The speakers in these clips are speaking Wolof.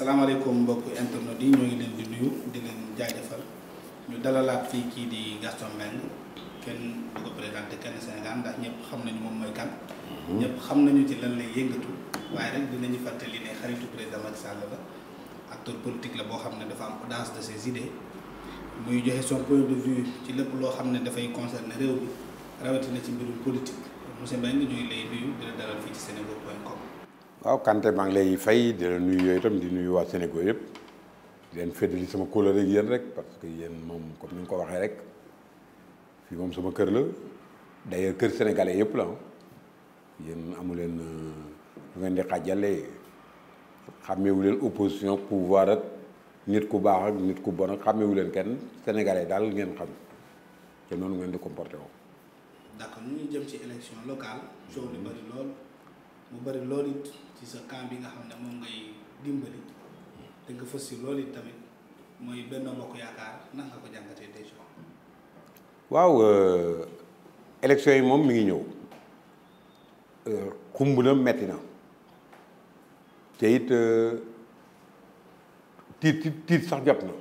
salaamaaleykum mbokk internet yi ñoo ngi leen di nuyu di leen jaajëfal ñu dalalaat fii kii di Gaston Mbengue kenn du ko présenté kenn Sénégal ndax ñëpp xam nañu moom mooy kan. Mhm. ñëpp xam nañu ci lan lay yëngatu waaye rek dinañu fàttali ne xaritu président Macky Sall la acteur politique la boo xam ne dafa am audace de ses idées muy joxe son ci lépp loo xam ne dafay concerner réew bi rawatina ci mbirum politique monsieur Mbengue lay nuyu di la dalal fii ci senego point com. waaw Kanté maa ngi lay fay di nuy yooyu tam di nuyu waa Sénégal yëpp di leen féddali sama kóolóor ak yéen rek parce que yéen moom comme ni nga ko waxee rek moom sama kër la d'ailleurs kër sénégalais yëpp la yéen amu leen euh, lu ngeen di xàjjalee xàmmeewu leen opposition pouvoir rek nit ku baaxal nit ku bon ak xàmmeewu leen kenn sénégalais daal ngeen xam te noonu ngeen di comporté woo. d'accord ñu jëm ci élection locale coow li bari lool mu bari lool it. ci sa camp bi nga xam ne moom ngay dimbali te nga fës si loolu it tamit mooy benn mbokk yaakaar nan nga ko jàngatee déjà. waaw euh, élection yi moom mi ngi ñëw euh, xumb na metti na te it euh, tiit tiit sax jot na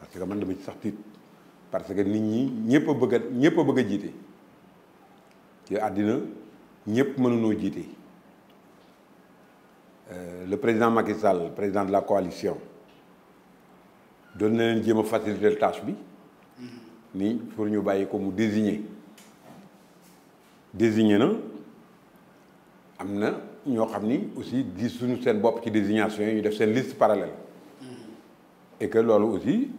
parce que man dama ci sax tiit parce que nit ñi ñëpp a bëgg a ñëpp a bëgg jiite ci àddina ñëpp mënunoo jiite. Euh, le président Macky président de la coalition doon na leen jéem a faciliter tâche bi mm-hmm. nii pour ñu bàyyi ko mu désigner désigner na am na ñoo xam ni aussi di suñu seen bopp ci désignation yi ñu def seen liste parallèle mm-hmm. et que loolu aussi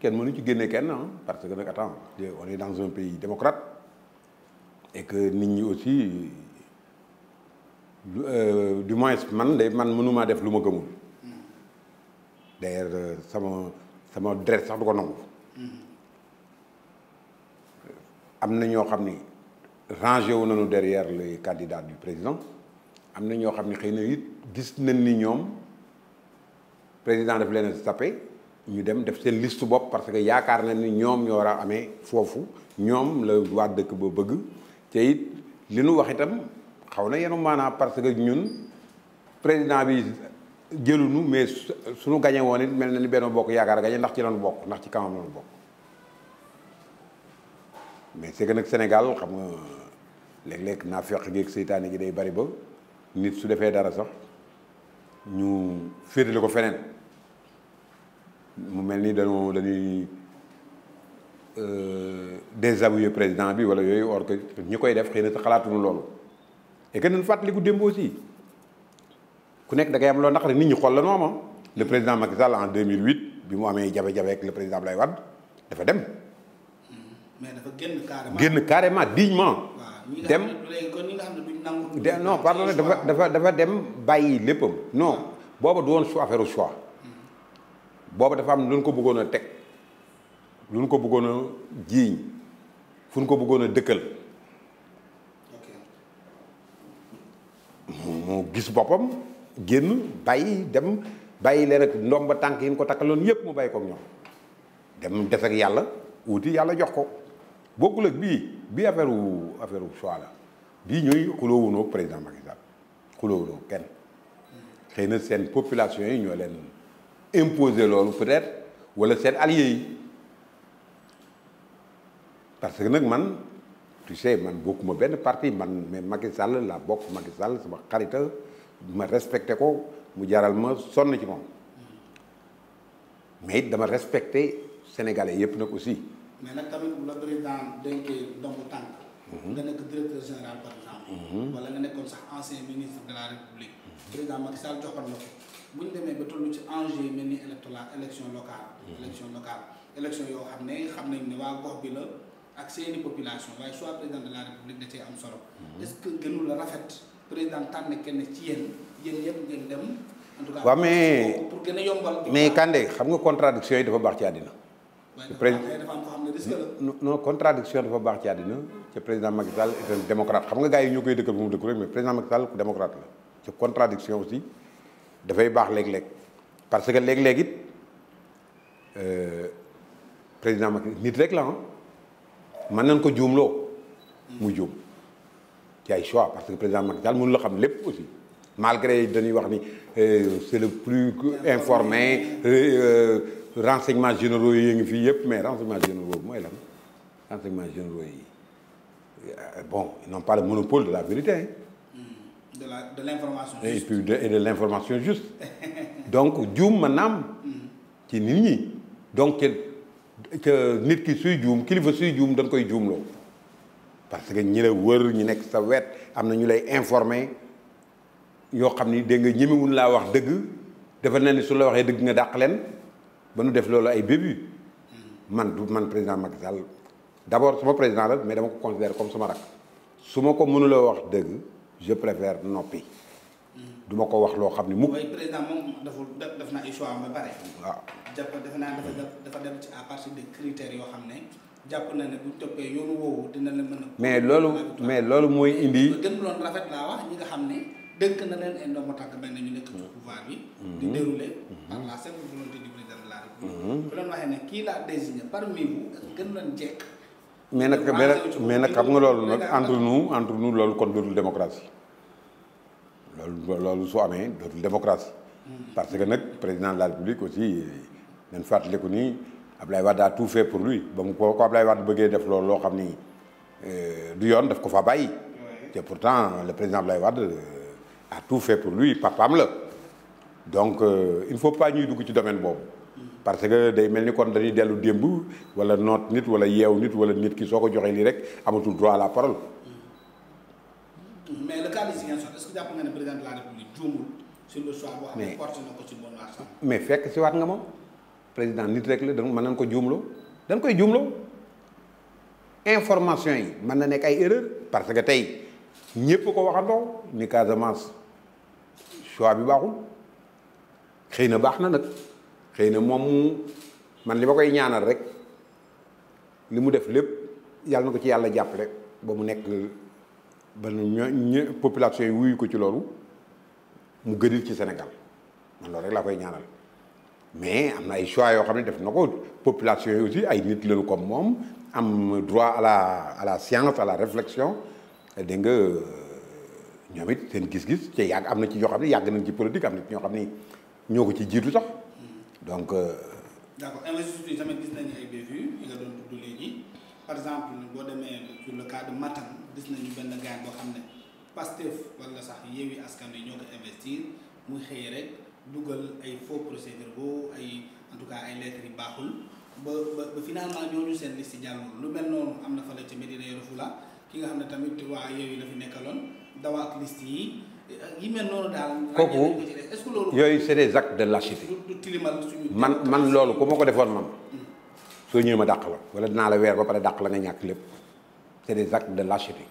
kenn mënu ci génne kenn ah parce que nag attends on est dans un pays démocrate et que nit ñi aussi Euh, du moins man de man mënumaa def lu ma gëmul d'ailleurs euh, sama sama deret sax du ko nangu am na ñoo xam ni ranger wu nañu derrière les candidats du président am na ñoo xam ne xëy na it gis nañ ni ñoom président daf leen tapé ñu dem def seen liste bopp parce que yaakaar nañ ni ñoom ñoo war a amee foofu ñoom la waa dëkk ba bëgg te it li nu wax itam xaw na yenu maanaam parce que ñun président bi jëluñu mais suñu gañe woon it mel na ni benn bokk yaakaar gañe ndax ci loolu bokk ndax ci kanam lañu bokk mais c'est que nag Sénégal xam nga léeg-léeg naa feq geeg seytaane gi day bari ba nit su defee dara sax ñu féetale ko feneen mu mel ni dañoo dañuy euh, désavouer président bi wala yooyu or que ñi koy def xëy na xalaatuñu loolu et que nañ fàttaliku démb aussi ku nekk da ngay am loo naqari nit ñi xool la noo am le président Macky Sall en 2008 bi mu amee jafe-jafe ak le président Abdoulaye Wade dafa dem. Hmm. mais dafa génn carrément génn carrément dignement dem de non pardon dafa dafa dafa dem bàyyi léppam non ah. booba du woon choix affaire choix hmm. booba dafa am lu ñu ko bëggoon a teg lu ñu ko bëggoon a jiiñ fu ñu ko bëggoon a dëkkal gis boppam génn bàyyi dem bàyyi leen ak ba tànk yi mu ko takkaloon yépp mu bàyyi ko ñoom dem des ak yàlla wuti yàlla jox ko bokkul ak bii bii affaire wu affaire wu la bii ñuy xuloo wunoog président Macky Sall xuloo wunoog kenn xëy na seen population yi ñoo leen imposer loolu peut-être wala seen alliés yi parce que nag man tu sais man bokkuma benn partie man mais Macky Sall la bokk Macky Sall sama xarita ma respecté ko mu jaral ma sonn ci moom mais it dama respecté sénégalais yëpp nag aussi. mais nag tamit bu la président dénkee ndombu tànk. Mhm. nga nekk directeur général par exemple. Mhm. wala nga nekkoon sax ancien ministre de la république. Mhm. président Macky Sall joxoon na ko bu demee ba toll ci mel ni électoral élection locale. élection yoo xam ne xam nañ ne waa gox bi la. ak seeni population waaye soit président de la xam nga contradiction yi dafa baax ci àddina. le président non contradiction dafa baax ci àddina te président Macky Sall est démocrate xam nga gars yi ñoo koy dëkkal bu mu dëkku rek mais président Macky démocrate la ci contradiction aussi dafay baax léeg-léeg parce que léeg-léeg it euh, président Macky nit rek la mën nañ ko juumloo mu juum ci ay choix parce que président Macky Sall mënu la xam lépp aussi malgré dañuy wax ni euh, c'est le plus informé euh, renseignements généraux yi ngi fii yëpp mais renseignements généraux mooy lan renseignements généraux yi euh, bon ils n'ont pas le monopole de la vérité hein. Mm. de la de l'information juste donc juum ma na am mm. ci nit ñi donc nit ki suy juum kilifa suy juum da nga koy juumloo parce que ñi la wër ñi nekk sa wet am na ñu lay informer yoo xam ni dégg nga ñemewuñ laa wax dëgg dafa ne ni su la waxee dëgg nga dàq leen ba nu def loolu ay début man du man président Macky Sall d' su ma président la mais dama ko considère comme sama rak su ma ko mënuloo wax dëgg je préfère noppi. du ma ko wax loo xam ne mukk. waaye président moom deful def na ay choix am ba pare. waaw defe naa dafa dafa dem ci à partir des yoo xam ne jàpp na ne bu toppee yoonu woowu la mën a. mais loolu mais loolu mooy indi. gën loon rafet laa wax ñi nga xam ne dënk na leen ay ndomo tànk benn ñu nekk ci mm-hmm. pouvoir bi. Mm-hmm. di dérouler. Mm-hmm. par la la République. kii laa désigné parmi vous gën leen jekk. mais nag mais nag xam nga loolu nag entre nous entre nous loolu kon dootul démocratie. loolu loolu su amee dootul démocratie. parce que nag président de la république aussi dañ fàttaliku nii Ablaye Wade a tout fait pour lui ba mu ko ko Ablaye Wade bëggee def loolu loo xam ni euh, du yoon daf ko fa bàyyi. te pourtant le président Ablaye Wade euh, a tout fait pour lui papaam la donc euh, il faut pas ñuy dugg ci domaine boobu. parce que day mel ni kon dañuy dellu démb wala noot nit wala yeew nit wala nit ki soo ko joxee lii rek amatul droit à la parole. mais le cas de Ziguinchor est-ce que jàpp nga le choix boo xam ne porté na ko mais fekk si waat nga moom président nit rek la da mën nañ ko juumloo dañ koy juumloo information yi mën na nekk ay erreur parce que tey ñëpp ko waxandoo ni Casamance choix bi baaxul xëy na baax na nag xëy na moom man li ma koy ñaanal rek li mu def lépp yàlla na ko ci yàlla jàppale ba mu nekk. ba ñoo population yi wuyu ko ci loolu mu gënil ci Sénégal man loolu rek laa koy ñaanal mais am na ay choix yoo xam ne def na ko population yi aussi ay nit lañu comme moom am droit à la à la science à la réflexion dégg nga ñoom it seen gis-gis te yàgg am na ci ñoo xam ne yàgg nañ ci politique am na ci ñoo xam ni ñoo ko ci jiitu sax euh, par exemple boo demee pour le cas de Matam gis nañu benn gaal boo xam ne Pastef walla sax Yewwi Askan Wi ñoo ko investir muy xëyee rek dugal ay foo procès-verbaux ay en tout cas ay lettres yu baaxul ba ba finalement ñooñu seen liste jàllul lu mel noonu am na fa la ca Medina Yoro Fula ki nga xam ne tamit waa Yewwi la fi nekkaloon dawa ak liste yi yi mel noonu daal. kooku yooyu c'est des actes de lâcheté. man man loolu ku ma ko defoon man. soo ñëwee ma dàq wala dinaa la weer ba pare dàq la nga ñàkk lépp des actes de lâcheté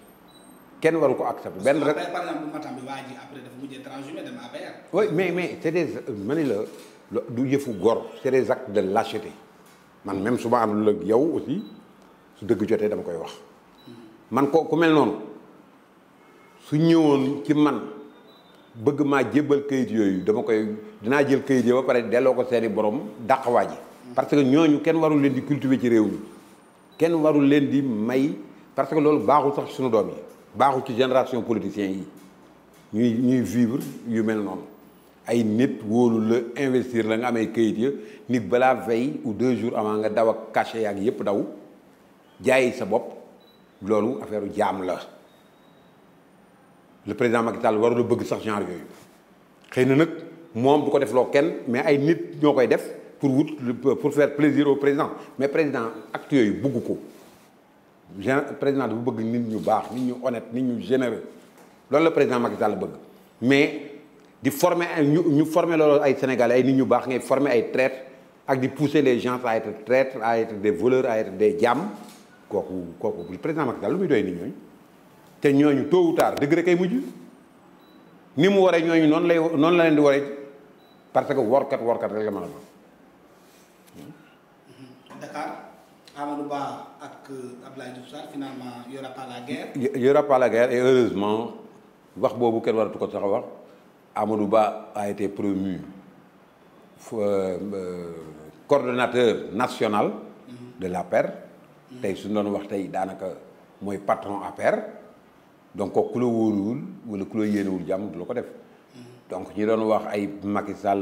kenn waru ko accepté bu matam bi waa ji après dafa gor c'est des actes de lâcheté man même su yow aussi su dëgg jotee dama koy wax man ko ku su ñëwoon ci man bëgg maa jébbal kayit yooyu dama koy dinaa jël kayit yooyu ba pare delloo ko seeni borom dàqwaa ji parce que ñooñu kenn warul leen di cultiver ci réew mi kenn warul leen di may parce que loolu baaxul sax suñu doom yi baaxul ci génération politiciens yi ñuy ñuy vivre yu mel noonu ay nit wóolu la investir la nga amee kayit ya nit balaa veille ou deux jours avant nga daw ak cachet yaak yépp daw jaay sa bopp loolu affaire jaam la le président Macky Sall bëgg sax genre yooyu xëy na nag moom du ko def loo kenn mais ay nit ñoo koy def pour wut pour faire plaisir au président mais président acte yooyu bëgg ko président bu bëgg nit ñu baax nit ñu honnête nit ñu généreux loolu la président Macky Sall bëgg mais di former ñu ñu former loolu ay sénégalais ay nit ñu baax ngay former ay traîtres ak di pousser les gens à être traîtres à être des voleurs à être des jàmm kooku kooku président Macky Sall lu muy doy nit ñooñu te ñooñu tôt ou tard dëgg rek ay mujj ni mu waree ñooñu noonu lay noonu la leen di waree parce que workat workat rek la Dakar Amadou Ba ak euh, Abdoulaye Diouf Sarr finalement y la guerre. y la guerre et heureusement wax boobu kenn waratu ko sax wax Amadou Ba a été promu euh, euh, coordonnateur national. Mm-hmm. de l'APR. Mm-hmm. tey suñ ñu doon wax tey daanaka mooy patron APR. donc ku la wóoruwul wala ku yéenewul jàmm du la ko def. Mm-hmm. donc ñi doon wax ay Macky Sall.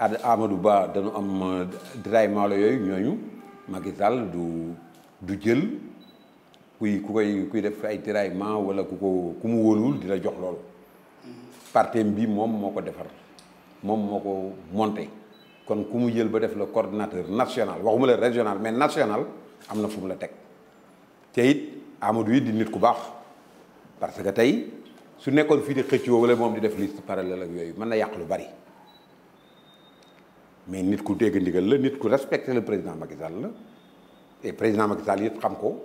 Amadou Ba dañu am euh, détaillement la yooyu ñooñu Macky Sall du du jël kuy ku koy kuy def ay détaillement wala ku ko ku mu wóoluwul di la jox loolu partem bi moom moo ko defar moom moo ko monté kon ku mu jël ba def la coordinateur national waxuma la régional mais national am na fu mu la teg te it Amadou yi di nit ku baax parce que tey su nekkoon fii di xëccoo wala moom di def liste parallèle ak yooyu mën na yàq lu bari mais nit ku dégg ndigal la nit ku respecté le président Macky la et président Macky Sall yëpp xam ko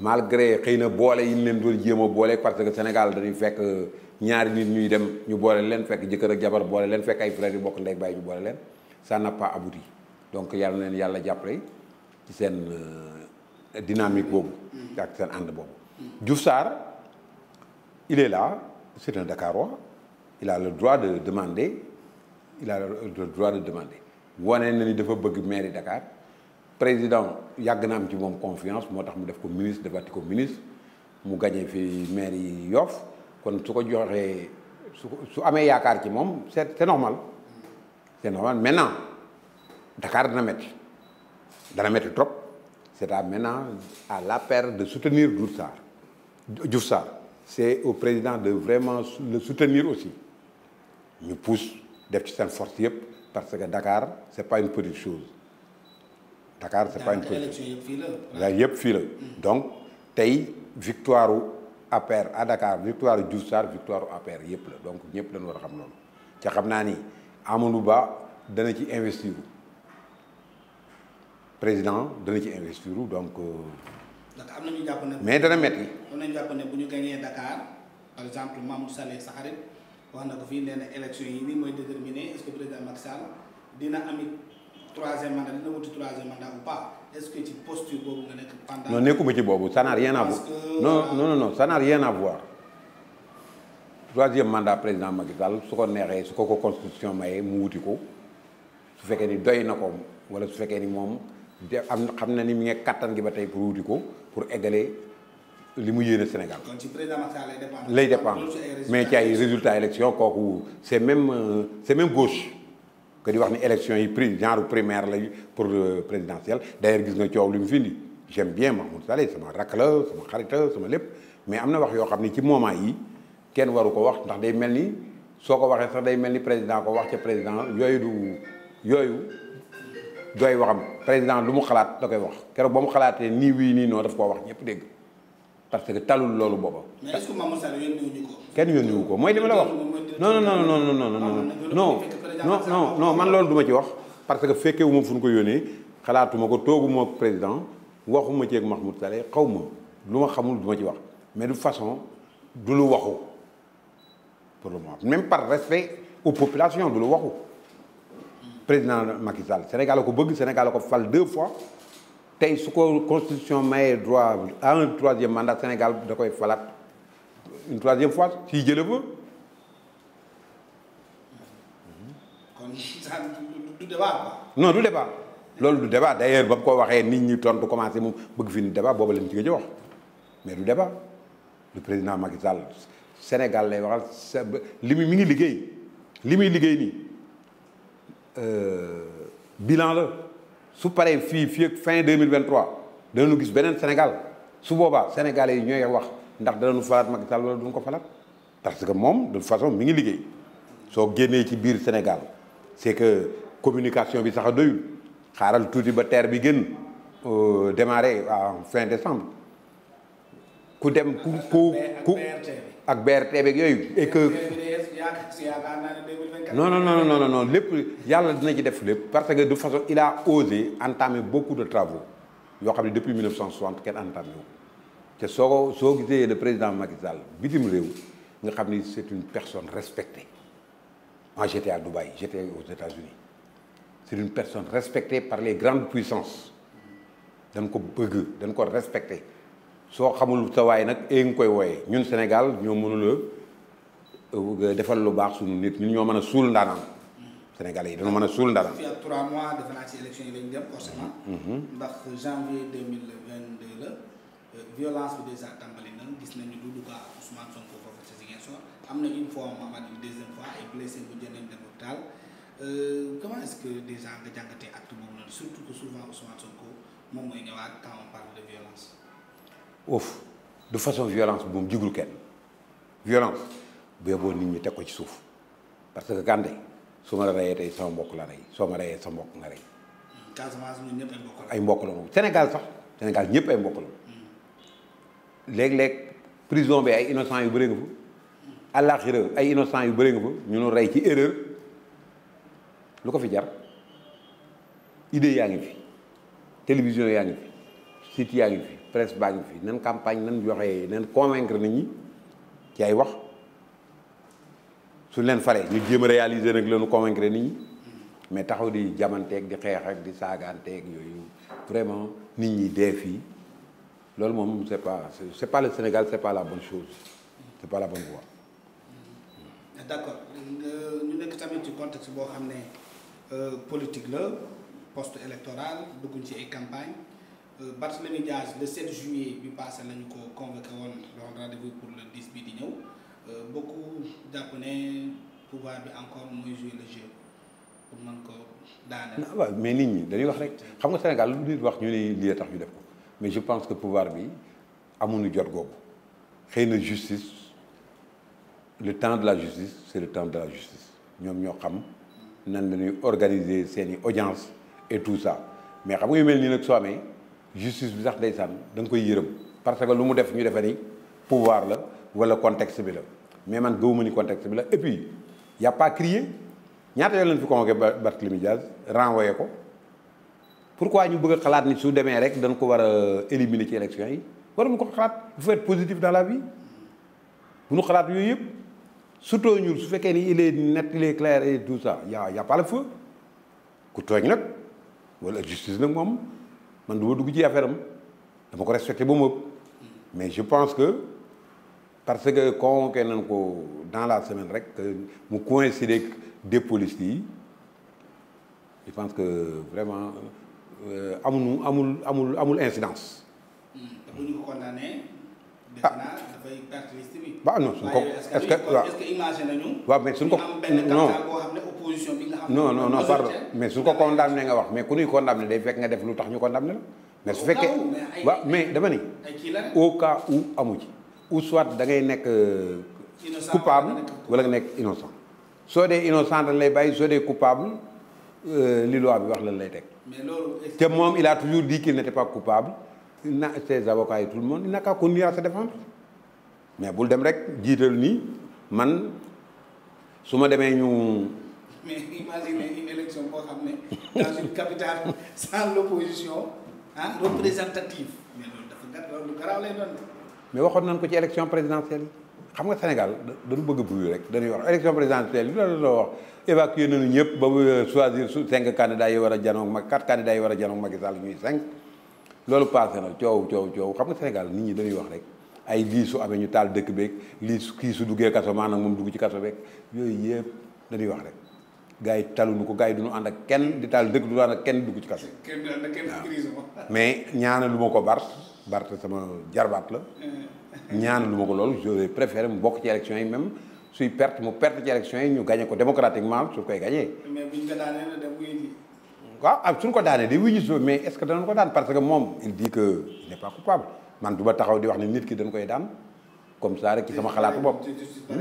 malgré xëy na boole yi ñu leen doon jéem a boole parce que Sénégal dañuy fekk euh, ñaari nit ñuy dem ñu boole leen fekk jëkkër ak jabar boole leen fekk ay frères yu bokk ndey bàyyi ñu boole leen sa n'a pas abouti donc yàlla na leen yàlla jàppale ci seen euh, dynamique boobu. ak seen ànd boobu. Diouf Sarr il est là c'est un Dakarois il a le droit de demander. il a le droit de demander wane na ni dafa bëgg mairie Dakar président yàgg na am ci moom confiance moo tax mu def ko ministre defati ko ministre mu gañee fi maire yi Yoff kon su ko joxee su su amee yaakaar ci moom c'est c'est normal c'est normal maintenant Dakar dana métti dana métti trop c'est à maintenant à l'APR de soutenir Diouf Sarr Diouf Sarr c'est au président de vraiment le soutenir aussi ñu pousse def ci seen force yëpp parce que Dakar c' est pas une petite chose Dakar c' pas une petite chose yëpp fii la donc tey victoire u à Dakar victoire u Diouf Sarr victoire u APR yëpp la donc ñëpp dañu war a xam noonu ca xam naa ni Amadou Ba dana ci investir président dana ci investir donc. Euh, ndax am na ñu mais dana métti. na ñu ne bu ñu gagné Dakar par exemple Mamadou Saleh Saxarit wax na ko fii nee élection yi nii mooy déterminer est-ce que président Macky dina amit troisième mandat dina wuti nekk pendant. nekkuma ci boobu ça n'a rien à voir non non non ça n'a rien à voir mandat président Macky su ko neexee su ko ko constitution mayee mu wuti ko su fekkee ni doy na ko wala su fekkee ni moom am xam na ni mi ngi kattan gi ba tey pour wuti ko pour égaler. li mu yéene Sénégal. kon ci président Macky Sall lay dépendre mais ci ay résultats élection kooku c' même euh, c' est même gauche. que wax ni élection yi prix genre primaire lay pour présidentielle d' ailleurs gis nga coow li mu fi indi j'aime bien Mahmoud Saleh sama rakk la sama xarit la sama lépp mais am na wax yoo xam ne ci moment yi kenn waru ko wax ndax day mel ni soo ko waxee sax day mel ni président ko wax ca président yooyu du yooyu doy waxam président lu mu xalaat da koy wax keroog ba mu xalaatee nii wii nii noo daf koo wax ñëpp dégg. parce que talul loolu booba. mais est-ce que ko. kenn yónniwu ko mooy li ma la wax. non non non non non non non man loolu duma ci wax. parce que fekkee wu ma fu ñu ko yónnee xalaatuma ko tooguma ak président waxuma ci ak Mahmoud Saleh xaw ma lu ma xamul duma ci wax mais de façon du lu waxu pour même par respect lu waxu président Macky Sall Sénégal ko bëgg Sénégal ko fal deux fois. tey su ko constitution mayee droit à un troisième mandat Sénégal da koy falat une troisième fois si jële fa du débat non du débat loolu du debat d'ailleurs ba mu ko waxee nit ñi tontu commencé moom bëgg fi ni débat booba leen ci mais du débat le président Macky Sall Sénégal lay waxal sa li muy mi ngi liggéey li muy liggéey nii euh, bilan la su paree fii fii ak fin 2023 nu gis beneen Sénégal su boobaa sénégalais yi ñooy wax ndax danañu falaat Macky Sall du duñu ko falaat parce que moom de façon mu ngi liggéey soo génnee ci biir Sénégal c'est que communication bi sax a doyul xaaral tuuti ba terre bi gën euh, démarrer en fin décembre ku dem ku ku ku ak BRT beeg yooyu non non non non non lépp yàlla dina ci def lépp parce que de façon il a osé entamer beaucoup de travaux yoo xam ne depuis 1960 kenn entamé wu te soo ko soo gisee le président Macky Sall bitim réew nga xam ni c'est une personne respectée moi j'étais à Dubaï j'étais aux États-Unis c'est une personne respectée par les grandes puissances dañ ko bëgg dañ ko respecté soo xamul sa waay nag ee eh nga koy wooyee ñun Sénégal ñoo mënula Euh, defal lu baax suñu nit ñun ñoo mën a suul ndaanaan Sénégalais yi dañoo mën a suul ndaanaan. fii ak 3 mois defe naa ci élection yi lañ dem forcément. Mhm. ndax janvier la euh, violence bi déjà tàmbali na gis nañu Doudou Ka Ousmane Sonko foofu ci Ziguinchor am na une fois mu amaat une deuxième fois ay blessé bu jënd nañ dem hôpital euh, comment est-ce que déjà nga jàngatee acte boobu noonu surtout que souvent Ousmane Sonko moom mooy ñëwaat quand on parle de violence. bu yóbboo nit ñi teg ko ci suuf parce que Kandé su ma la reyee tey sama mbokk la rey soo ma reyee sa mbokk nga rey. Casamance ñun ñëpp ay mbokk la. ay mbokk la moom Sénégal sax Sénégal ñëpp ay mbokk la léeg-léeg prison bi ay innocent yu bëri nga fa àllaaxira ay innocent yu bëri nga fa ñu nu rey ci erreur lu ko fi jar idée yaa ngi fi télévision yaa ngi fi site yaa ngi fi presse ngi fi nan campagne nan joxe nan convaincre nit ñi ci ay wax. su leen faree ñu jéem a réaliser nag leenu convaincre nit mais taxaw di jamanteeg di xeex ak di saagaanteeg yooyu vraiment nit ñi dee fii loolu moom c'est pas c'est pas Sénégal c'est pas la bonne chose c'est pas la bonne voie. d'accord ñu nekk tamit ci contexte boo xam ne euh, politique la post électoral dugguñ ci ay campagne euh, Barthélémy Dias le juillet bi passé lañu ko convoqué woon loolu rendez-vous pour le 10 bi di ñëw. Euh, beaucoup jàpp ne pouvoir bi encore mooy jouer le jeu ah, mais nit ñi dañuy wax rek xam nga Sénégal lu nit wax ñu ne lii tax ñu def ko mais je pense que pouvoir bi amuñu jot googu xëy na justice le temps de la justice c'est le temps de la justice ñoom ñoo xam nan la ñuy organiser seeni audience et tout ça mais xam nga yu mel nii nag soo amee justice bi sax day sànn da koy yërëm parce que lu mu def ñu defee ni pouvoir la. wala contexte bi la mais man gëwuma ni contexte bi la et puis y' a ñaata yoon leen fi convoqué Barthélémy Diaz renvoyé ko pourquoi ñu bëgg xalaat ni su demee rek dañ ko war a euh, éliminer ci élection yi waruñu ko xalaat il faut être positif dans la bu ñu xalaat yooyu yëpp surtout ñun su fekkee ni il net il est clair et tout ça y' a y' a ku tooñ nag wala justice nag moom man du ma dugg ci affaire am dama ko respecté ba mais je pense que. parce que convoqué nañ ko dans la semaine rek mu coïncider ak des policiers yi je pense que vraiment euh, amul amul amul amul incidence. te hmm. bu ñu ko ah dafay perte liste bi. suñ ko est ce que waaw mais suñ ko am bi nga xam mais suñ ko condamné nga wax mais ku ñuy condamné day fekk nga def lu tax ñu ko la. mais su fekkee waaw mais dama au cas où amu ci. ou soit da ngay nekk euh, coupable wala nga nekk innocent soo dee innocent dañ lay bàyyi soo dee coupable euh, li loi bi wax lan lay teg te moom il toujours dit qu'il n'était pas coupable na ses avocats yi tout le monde il n'a qu'à continuer à se mais bul dem rek jiital nii man su ma demee ñu mais imaginez une élection boo xam ne dans une capitale sans l'opposition ah représentative mais loolu dafa gàtt loolu garaaw lay doon mais waxoon nañ ko ci élection présidentielle yi xam nga Sénégal dañu bëgg bu bruit rek dañuy wax élection présidentielle yi loolu la wax évacué ñëpp ba euh, choisir su cinq candidats yi war a janoo mag quatre candidats war a janoo Macky Sall ñuy cinq loolu passé na coow coow coow xam nga Sénégal nit ñi dañuy wax rek ay lii su amee ñu taal dëkk beeg lii su kii su duggee kaso maanaam moom dugg ci kaso beeg yooyu yëpp dañuy wax rek gars yi taluñu ko gars yi duñu ànd ak kenn di taal dëkk du ànd ak kenn dugg ci kaso. mais ñaana lu ak ma ko bar Barth sama jarbaat ñaan lu ma ko loolu j'aurais préféré mu bokk ci élection yi même suy perte mu perte ci élection yi ñu gagné ko démocratiquement su koy gagné. ko daanee na dem wuyu ji. waaw ah suñ ko daanee day wuyu ji mais est que danañ ko daan parce que moom il dit que il pas coupable man du taxaw di wax ne nit ki dañ koy daan comme ça rek sama xalaatu bopp. Hmm?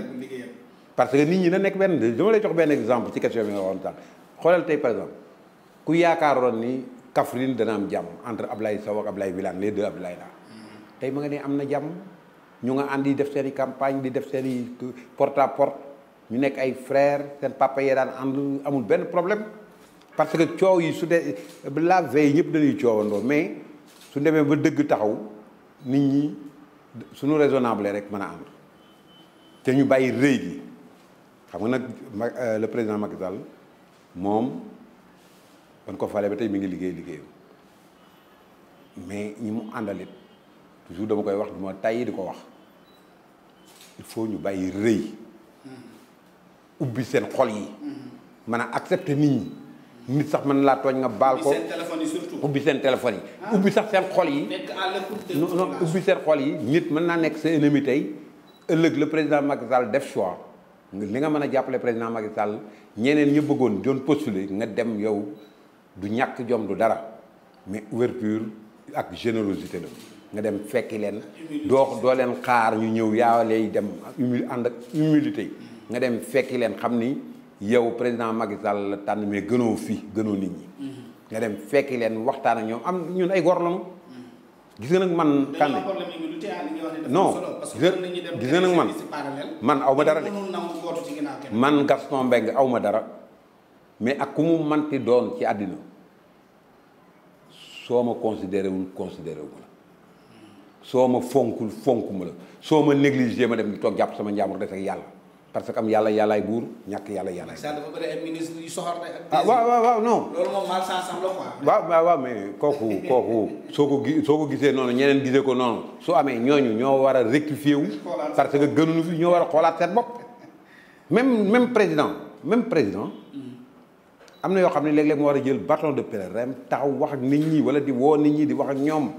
parce que nit ñi na nekk benn dama lay jox benn exemple ci question bi nga waxoon sànq xoolal tey par exemple ku yaakaaroon Kaffrine dana am jàmm entre Ablaye Sow ak Ablaye Wilane les deux Ablaye la tey ma nga ne am na jàmm ñu nga ànd di def seen i campagne di def seeni i porte à porte ñu nekk ay frères seen papa yee daan amul benn problème parce que coow yi su dee la veille ñëpp dañuy coowandoo mais su demee ba dëgg taxaw nit ñi suñu raisonnable rek mën a ànd te ñu bàyyi rëy gi xam nga nag euh, le président Macky Sall moom ban ko ba tey mi ngi liggéey liggéeyam mais ñi mu àndalit toujours dama koy wax du ma tàyyi di ko wax il faut ñu bàyyi rëy ubbi seen xol yi mën accepter nit ñi nit sax mën laa tooñ nga baal ko ubbi seen téléphone yi ah. ubbi sax seen xol yi non non ubbi seen xol yi nit mën naa nekk sa ennemi tey ëllëg le président Macky Sall def choix li nga mën a jàppale président Macky Sall ñeneen ñu bëggoon doon postuler nga dem yow du ñàkk jom du dara mais ouverture ak générosité la nga dem fekki leen doo doo leen xaar ñu ñëw yaa lay dem humil ànd ak humilité nga dem fekki leen xam ni yow président Macky Sall la tànn mais gënoo fii gënoo nit ñi mm-hmm. nga dem fekki leen waxtaan ak ñoom am ñun ay gor lañu mm-hmm. gis nga nag man Kandé non gis nga nag man man aw ma dara de man Gaston Mbengue aw ma dara mais ak ku mu manti doon ci àddina soo ma considéré wul considéré soo ma fonkul fonk ma la soo ma négligé ma dem di toog jàpp sama njaamur des yàlla parce que am yàlla yàllaay buur ñàkk yàlla yàllaay. ça dafa bëri ay ministre yu soxor ak. ah waaw waaw waaw waaw mais kooku kooku soo ko gi soo ko gisee noonu ñeneen gisee ko noonu su amee ñooñu ñoo war a rectifier wu. parce que gënuñu fi ñoo war a xoolaat seen bopp. même même président même président. am na yoo xam ne léeg-léeg mu a jël bâton de pèlerin taxaw wax ak nit ñi wala di woo nit ñi di wax ak ñoom.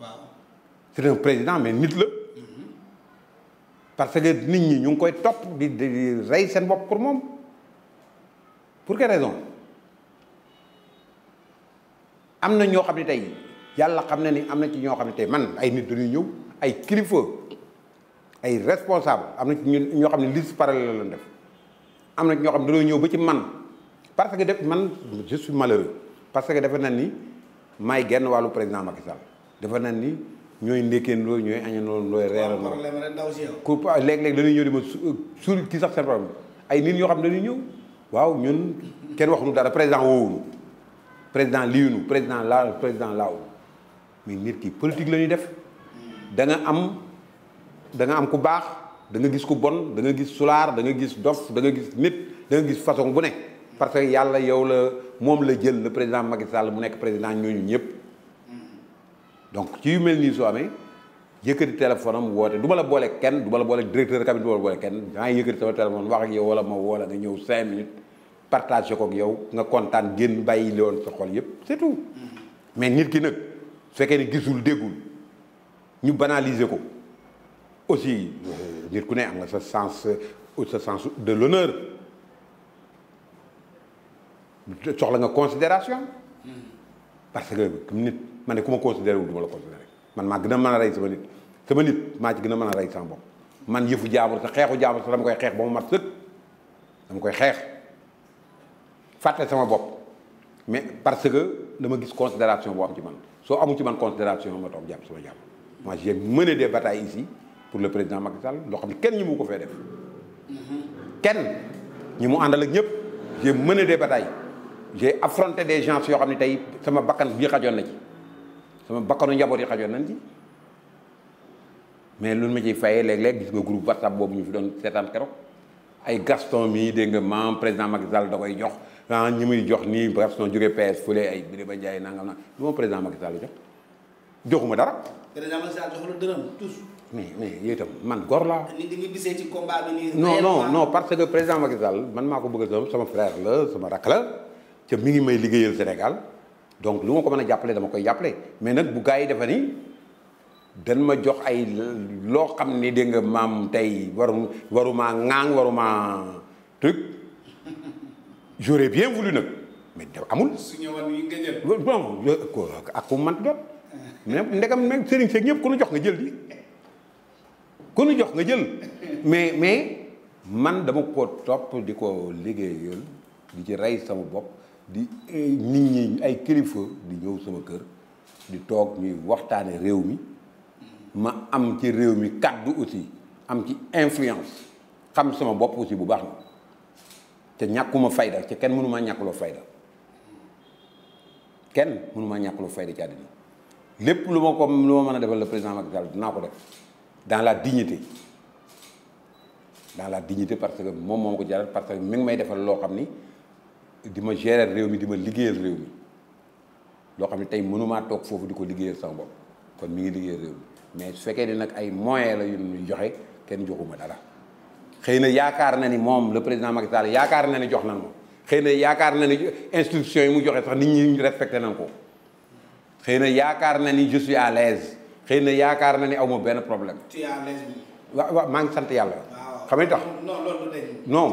waaw président mais nit la. Mm-hmm. que nit ñi ñu ngi koy topp di di rey seen bopp pour moom pour quelle raison am na ñoo xam ne tey yàlla xam na ni am na ci ñoo xam ne tey man ay nit dañuy ñëw ay kilifa ay responsable am na ci ñun ñoo xam ne liste parallèle la def am na ñoo xam ne dañoo ñëw ba ci man. parce que def man je suis parce que dafa nan ni may genn wàllu président Macky Sall dafa nan ni ñooy ndékkeendoo ñooy añandoo looy reerandoo ku léeg-léeg dañuy ñëw di ma euh, suul ci sax seen problème ay nit ñoo xam ne dañuy ñëw waaw ñun kenn waxuñu dara président woowuñu président liiwuñu président laa président laaw mais nit ki politique la ñuy def da am danga am ku baax danga gis ku bon da nga gis sulaar da nga gis dof da nga gis nit da gis façon bu ne parce que yàlla yow la moom la jël le président Macky Sall mu nekk président ñooñu ñëpp donc ci yu mel nii soo amee yëkkati téléphone am woote du la boole kenn du ma la boole directeur cabinet du ma la boole kenn maa ngi yëkkati sama téléphone wax ak yow wala ma woola nga ñëw cinq minutes partagé ko ak yow nga kontaan génn bàyyi li woon sa xol yëpp c'est mais nit ki nag su fekkee ne gisul déggul ñu banaliser ko aussi nit ku nee am nga sa sens sa sens de l'honneur soxla nga considération parce que nit ma ne ku ma considéré wul du ma la considéré man maa gën a mën a rey sama nit sama nit maa ci gën a mën a rey sama bopp man yëfu jaabur sa xeexu jaabur sa dama koy xeex ba mu mat dama koy xeex fàtte sama bopp mais parce que dama gis considération boo am ci man soo amul ci man considération ma toog jàpp sama jàpp moi j'ai mené des batailles ici pour le président Macky Sall loo xam ne kenn ñi mu ko fee def mm-hmm. kenn ñi mu àndal ak ñëpp j'ai mené des batailles j'ai affronté des gens yoo xam ne tey sama bakkan bi xajoon na sama bakkanu njaboot yi xajoon nañ mais lu ma ciy fayee léeg-léeg gis nga groupe WhatsApp boobu ñu fi doon seetaan keroog ay Gaston mii dégg nga maam président Macky Sall da koy jox ah ñi muy jox nii Gaston jógee PS fële ay Birima Ndiaye nangam na lu ma président Macky Sall jox joxuma dara. président Macky Sall joxul dërëm tous. yooyu itam man gor laa. nit ñi gisee ci combat bi parce que président Macky man maa ko bëgg a sama frère la sama rakk la. ca mi ngi may liggéeyal Sénégal donc lu ma ko mën a jàppale dama koy jàppale mais nag bu gars yi dafa ni dan ma jox ay loo xam ne dégg nga maam tey waru waruma ŋaang waruma truc j'aurais bien voulu nag mais amul. su ñëwoon yi nga ak ku mant doon. mais ndegam nag sëriñ seeg ku nu jox nga jël di ku nu jox nga jël mais mais man dama ko topp di ko liggéeyal di ci rey sama bopp. di eh, nit ñi ay kilifa di ñëw sama kër di toog ñuy waxtaane réew mi ma am ci réew mi kàddu aussi am ci influence xam sama bopp aussi bu baax na te ñàkkuma fayda ci kenn mënumaa ñàkkuloo fayda kenn mënumaa ñàkkuloo fayda ci àddina lépp lu ma ko lu ma mën a defal le président Macky Sall dinaa ko def dans la dignité dans la dignité parce que moom moom ko jaral parce que mi ngi may defal loo xam ni di ma gérer réew mi di liggéeyal réew mi loo xam ne tey mënumaa toog foofu di ko liggéeyal sama bopp kon mi ngi liggéeyal réew mi mais fekkee ne nag ay moyen la yu ñu joxe kenn joxuma dara xëy na yaakaar na ni moom le président Macky Sall yaakaar na ni jox nan moom xëy na yaakaar na ni institution yi mu joxe sax nit ñi respecté nan ko xëy na yaakaar na ni je suis à l'aise xëy na yaakaar na ni aw ma benn problème. tu es maa ngi sant yàlla. waaw xam tax non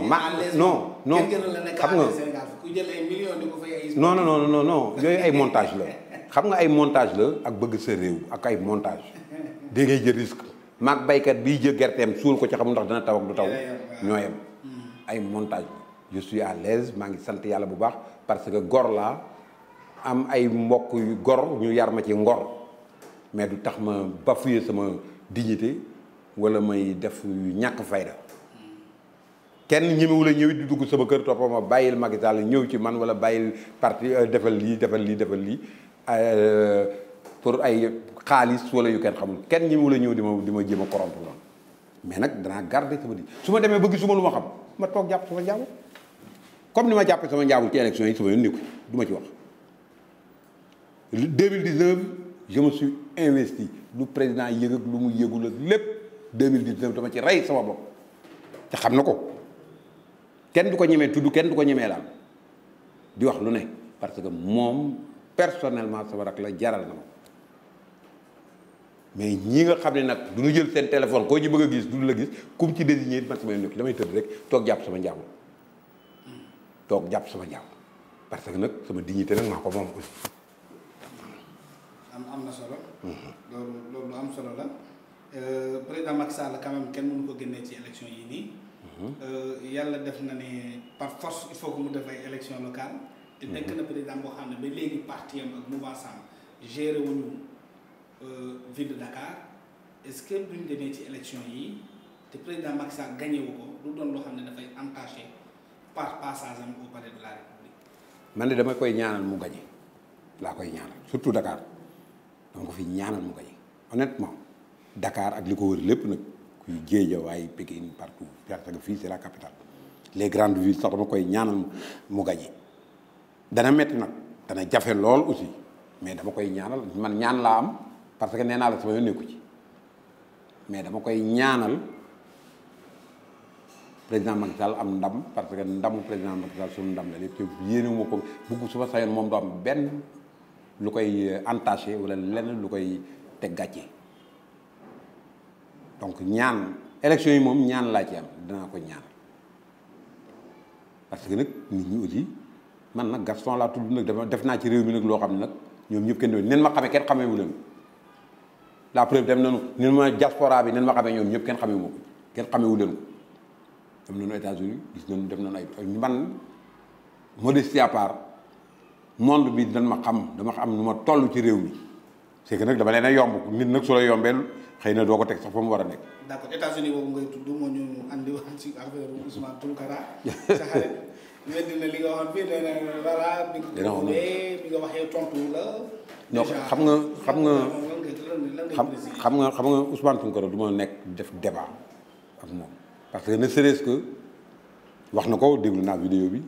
non xam nga. ku jël ay millions di ko fay ay. non non non non non yooyu ay montage la xam nga ay montage la ak bëgg sa réew ak ay montage da ngay jël risque maag baykat biy jël gerteem suul ko ci xamul ndax dana taw ak du taw ñoo yem mm. ay montage je suis à l'aise maa ngi sant yàlla bu baax parce que gor laa am ay mbokk yu gor ñu yar ma ci ngor mais du tax ma bafouer sama dignité wala may def ñàkk fayda kenn ñemewula ñëw di dugg sama kër toppama bàyyil Macky Sall ñëw ci man wala bàyyil parti euh, defal lii defal lii defal lii euh, pour ay xaalis wala yu kenn xamul kenn ñemewula ñëw di ma di ma jéem a mais nag danaa garder sama di su ma demee ba gisuma lu ma xam ma toog jàpp sama njaabul comme ni ma jàppee sama njaabul ci élection yi sama yoon nekku du ma ci wax 2019 je me suis investi lu président yëg ak lu mu yëgul ak lépp 2019 dama ci rey sama bopp te xam na ko kenn du ko ñemee tudd kenn du ko ñemee laal di wax lu ne parce que moom personnellement sama rak la jaral na ma mais ñi nga xam ne nag du ñu jël seen téléphone koo ñu bëgg a gis du la gis kum ci désigné man sama yoon damay tëdd rek toog jàpp sama njàmm toog jàpp sama njàmm parce que nag sama dignité nag maa ko moom aussi. am am na solo. loolu loolu am solo la euh, président Macky Sall quand même kenn mënu ko génnee ci élection yi nii. Euh, yàlla def na ne par force il faut que mu def ay élections locales. Mhm. nekk na président boo xam ne ba léegi parti am ak mouvement Samm géré euh, ville de Dakar est-ce que duñ demee ci élection yi te président Macky Sall gagné ko du doon loo xam ne dafay entaché par passage am au palais de la République. man de dama koy ñaanal mu gagné laa koy ñaanal surtout Dakar dama ko fi ñaanal mu gagné honnêtement Dakar ak li ko wër lépp nag. fii Guédiawaye Pikine partout parce que fii c'est la capitale les grandes villes sax dama koy ñaanal mu gañe dana metti dana jafe lool aussi mais dama koy ñaanal man ñaan laa am parce que nee naa la sama yoon nekku ci mais dama koy ñaanal président Macky Sall am ndam parce que ndamu président Macky Sall suñu ndam la lépp te yéene moo suba bugg sayoon moom du am benn lu koy entaché wala lenn lu koy teg gàcce donc ñaan élection yi moom ñaan laa ci am dinaa ko ñaan parce que nag nit ñi aussi man nag Gaston laa tudd nag dafa def naa ci réew mi nag loo xam ne nag ñoom ñëpp kenn doon nen ma xamee kenn xamee leen la preuve dem nañu nen ma diaspora yi nen ma xamee ñoom ñëpp kenn xamee wu kenn xamee wu leen ko dem nañu États-Unis gis nañu dem nañu ay man modestie à part monde bi dañ ma xam dama xam nu ma tollu ci réew mi c'est que dama leen a yomb nit nag su la yombee xëy na doo ko teg sax fa mu war a nekk. d' accord États-Unis boobu ngay tudd moo ñu andi woon ci affaire Ousmane Tounkara. sa xarit wedd na li nga waxoon fii nee na voilà. bi nga waxee bi nga waxee tontu la. non xam nga xam nga xam xam nga xam nga Ousmane Tounkara du ma nekk def débat ak moom. parce que ne serait-ce que wax na ko déglu naa vidéo bi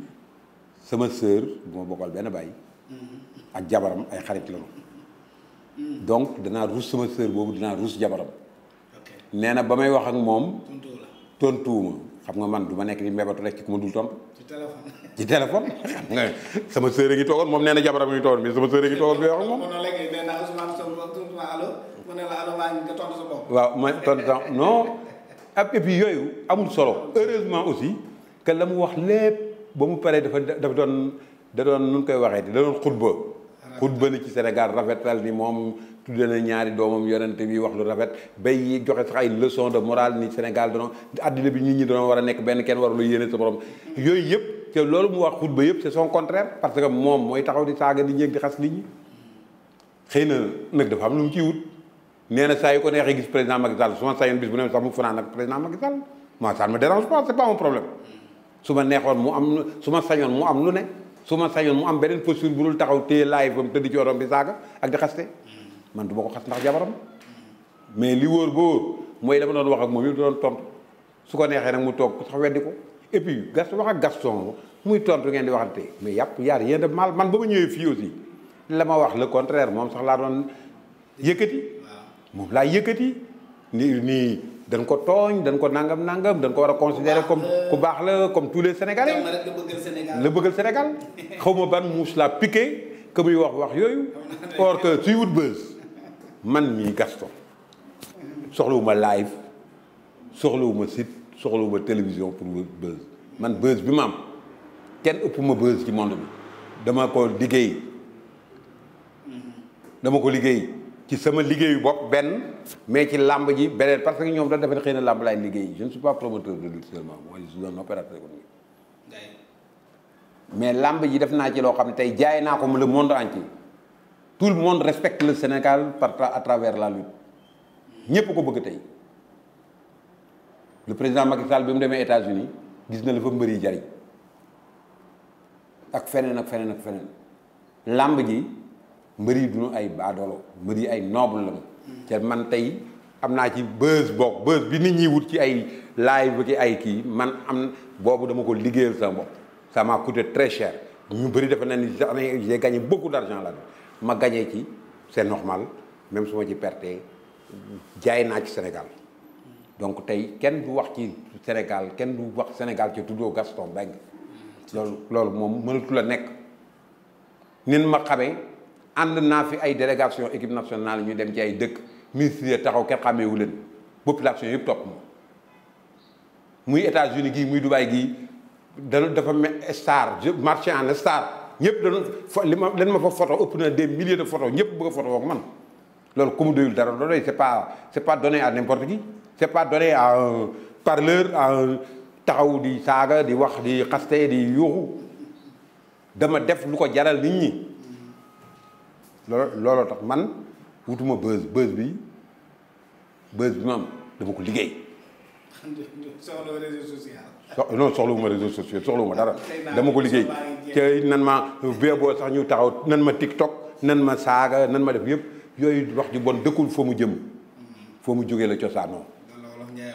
sama sœur bu ma bokkal benn bàyyi. Mm-hmm. ak jabaram ay xarit lañu. donc danaa ruus sama sœur boobu dinaa ruus jabaram. nee na ba may wax ak moom. tontuwuma xam nga man du ma nekk di mbébatu rek ci ku dul tontu. ci téléphone ci téléphone xam nga sama sœur a ngi toogoon moom nee na jabaram a ngi toogoon mais sama sœur a ngi toogoon bi wax ak moom. waaw ma tontu tam non ak ah, et yooyu amul solo heureusement aussi que la mu wax lépp ba mu paree dafa dafa doon da doon nu koy waxee da doon xutba. xutba na ci Sénégal rafetal ni moom tudde na ñaari doomam yonent bi wax lu rafet bay joxe sax ay leçon de morale ni Sénégal dono àddina bi nit ñi dono war a nekk benn kenn war lu yéene sa borom yooyu yëpp te loolu mu wax xutba yëpp c'est son contraire parce que moom mooy taxaw di saaga di ñéeg di xas nit ñi xëy na nag dafa am lu mu ciy wut nee na saa yu ko neexee gis président mag Sall su ma sañoon bis bu ne sax mu fanaan ak président su ma neexoon mu am su ma sañoon mu am lu ne su ma sañoon mu am beneen posture bu dul taxaw téye live bam tëdd ci otom bi saaga ak di xaste man du ma ko xas ndax jabaram mais li wóor ba wóor mooy dama doon wax ak moom yi doon tontu su ko neexee nag mu toog ku sax weddi ko et puis gas wax ak Gaston muy tontu ngeen di wax waxante mais yàpp yaar yéen def man ba ma ñëwee fii aussi la ma wax le contraire moom sax laa doon yëkkati moom laa yëkkati ni nii dañ ko tooñ dañ ko nangam nangam dañ ko war a considérer comme ku baax la comme tous les sénégalais la bëggal sénégal xaw ma ban muus la piqué que muy wax wax yooyu or que suy wut bës man mii Gaston soxlawuma live soxlawuma site soxlawuma télévision pour wut bës man bës bi ma am kenn ëpp ma bës ci monde bi dama ko liggéey mm-hmm. dama ko liggéey ci sama liggéeyu bopp benn mais ci làmb ji beneen parce que ñoom dañ defe ne xëy na làmb laay liggéey je ne suis pas promoteur de lutte seulement mais làmb ji def naa ci loo xam ne tey jaay naa ko le monde entier tout le monde respecte le Sénégal par à travers la lutte ñëpp ko bëgg tey lu président Macky Sall bi mu demee États-Unis gis na la fa mbëri jariñ ak feneen ak feneen ak feneen làmb ji mbëri yi duñu ay baadoolo mbër ay noble lañu te man tey am naa ci bës bokk bës bi nit ñi wut ci ay live ba ki ay kii man am boobu dama ko liggéeyal sama bopp ça m'a coûté ñu bëri dafa na ni j'ai gagné beaucoup d'argent là ma gagné ci c'est normal même su ma ci pertee jaay naa ci Sénégal donc tey kenn du wax ci Sénégal kenn du wax Sénégal ci tuddoo Gaston Mbengue loolu loolu moom mënatu nekk nin ma xamee ànd naa fi ay délégation équipe nationale ñu dem ci ay dëkk ministre taxaw kenn xàmmeewu leen population yëpp topp ma muy États-Unis gii muy Dubaï gi dana dafa me star marché en star ñëpp dañu li ma leen ma fa photo ëpp na des milliers de photos ñëpp bëgg a photo man lool ku mu doyul dara loolu doy c'est pas donné à n'importe qui c'est pas donné à un parleur à di saaga di wax di xaste di yuuxu dama def lu ko jaral nit looloo looloo tax man wutuma bës bës bi bës bi ma dama ko liggéey. soxla réseau social. so non soxlawuma dara. dama ko liggéey nan ma bee boo sax ñu taxaw nan ma TikTok nan ma saaga nan ma def yëpp yooyu wax ju bon dëkkul foo mu jëm. foo mu jógee la cosaanoo.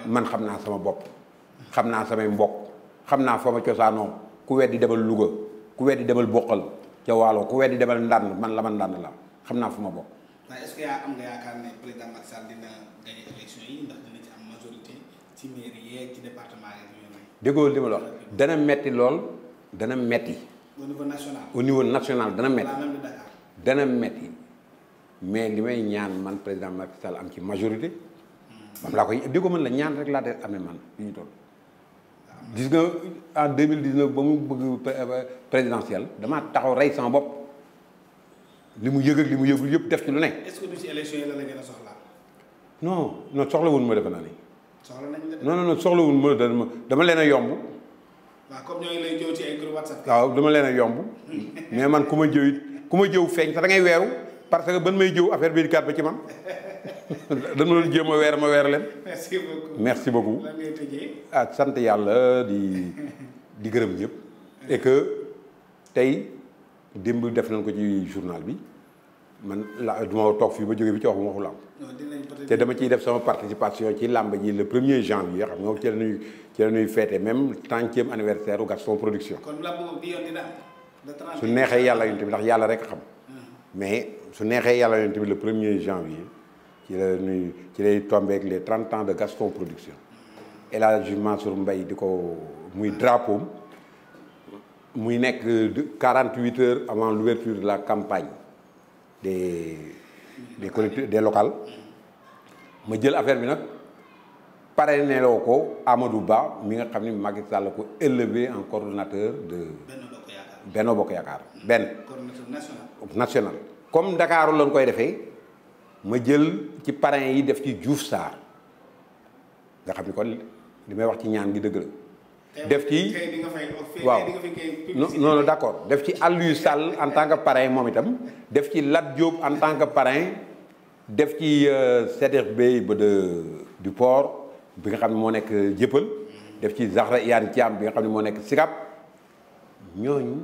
man xam naa sama bopp. xam naa samay mbokk xam naa foo cosaanoo ku weddi demal Louga ku weddi demal Boqal ca Waalo ku weddi demal Ndànd man la ma Ndànd la. xam naa fu ma bokk. waaye est-ce que yaa déggoo li ma la dana metti lool dana metti. au niveau national au niveau national dana metti. dana metti mais li may ñaan man président Macky am ci majorité. moom laa koy déggoo mën la ñaan rek laa de amee man li ñu toll. gis nga en deux mille dix neuf ba mu bëgg euh, présidentielle damaa taxaw rey sama bopp. li mu yëg ak li mu yëgul yëpp def ci lu ne. est-ce que du ci élection yi soxla. non ma defe naa ne. soxla nañ la de. ma dama dama leen a yomb. waaw comme ñoo ngi lay ci ay dama leen a yomb mais man ku ma jëw it ku ma jëw feeñ te da ngay weeru parce que ban may jëw affaire bi di kat ba ci man dama doon jéem a weer ma weer leen. merci beaucoup merci beaucoup. lan ngay tëjee. Ah, sant yàlla di di gërëm ñëpp. et tey. démb def nañ ko ci journal bi man la du ma toog fi ba jógee bi ci wax bu ma waxu dama ciy def sama participation ci làmb ji le premier janvier xam nga ci la ñuy ci la ñuy fêté même trentième anniversaire u Gaston production. kon làmb bi yoon su neexee yàlla yoon tamit ndax yàlla rek xam. Mm-hmm. mais su neexee yàlla yoon tamit le premier janvier ci la ñuy ci lay tombé ak les trente ans de Gaston production. Mm-hmm. El Hadj Mansour mbay di ko muy drapeau muy nekk 48 euh, heures avant l'ouverture de la campagne de des collectivités des locales ma jël affaire bi nag parrainé loo ko Amadou Ba mi nga xam ne Macky Sall ko élevé en coordonnateur de. benn Bokk Yaakaar benn. national. comme Dakar lañ koy defee ma jël ci parrain yi def ci Diouf Sarr nga xam ni kon li may wax ci ñaan gi dëgg la. def ci waaw noonu non d'accord def ci Aliou Sall en tant que parrain moom itam def ci Lat Diop en tant que parrain def ci CTB euh, ba de du port bi nga xam ne moo nekk Jëppal def ci Zahra yaan Thiam bi nga xam ne moo nekk Sicap ñooñu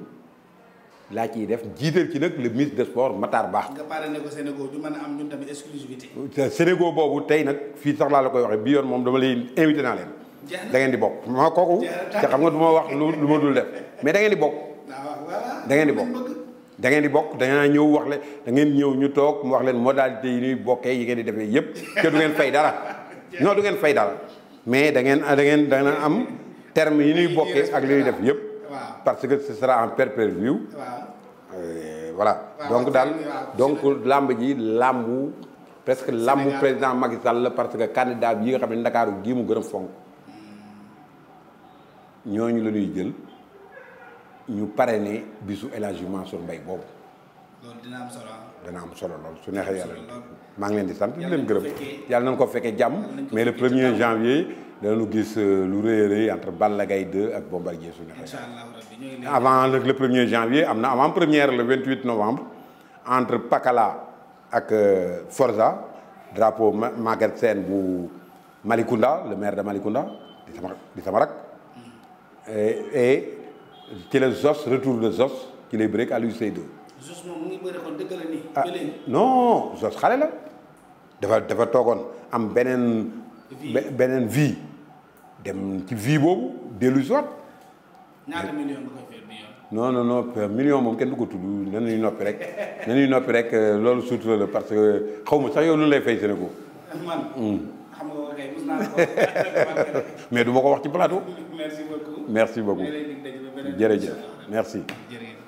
laa ciy def jiital ci nag le ministre des sports Matar Ba. nga parrainé ko Sénégal du mën a am ñun boobu tey nag fii sax laa la koy waxee bi yoon moom dama lay invité naa leen. da ngeen di bokk ma kooku te xam nga du ma wax lu lu ma dul def mais da ngeen di bokk ah, da ngeen di bokk da ngeen di bokk da ngeen ñëw wax leen da ngeen ñëw ñu toog mu wax leen modalité yi ñuy bokke yi ngeen di defee yépp te du ngeen fay dara non du ngeen fay dara mais da ngeen da ngeen da am terme yi ñuy bokke ak li ñuy def yépp parce que ce sera en pay-per-view euh, voilà donc daal donc làmb ji làmbu presque làmbu président Macky Sall la parce que candidat bi yi nga xam ne Ndakaaru gii mu gën a ñooñu la ñuy jël ñu pare parrainé bisu El Hadji mbay boobu. loolu am solo dana am solo lool su neexee yàlla maa ngi leen di sant di leen gërëm yàlla nañu ko fekkee jàmm mais le premier janvier danañu gis euh, lu rëy a entre Balla Gaye 2 ak Bombardier su neexee yàlla avant le premier janvier am na avant première le 28 novembre entre Pakala ak euh, Forza drapeau Maguette Sène bu Malicounda le maire de Malicounda di sama di et ci la Zos retour de Zos ci lay bëreeg Aliou Seydou. Zos moom mu ngi ah, dafa dafa toogoon am beneen. beneen vie dem ci vie boobu dellu si waat. ñaata million euh, moom kenn du ko tudd nañuy noppi rek nañuy noppi rek euh, loolu sutura la parce que xaw ma sax yow lu lay fay Sénégal. Hmm. mais du ko wax ci plateau. merci beaucoup jërëjëf merci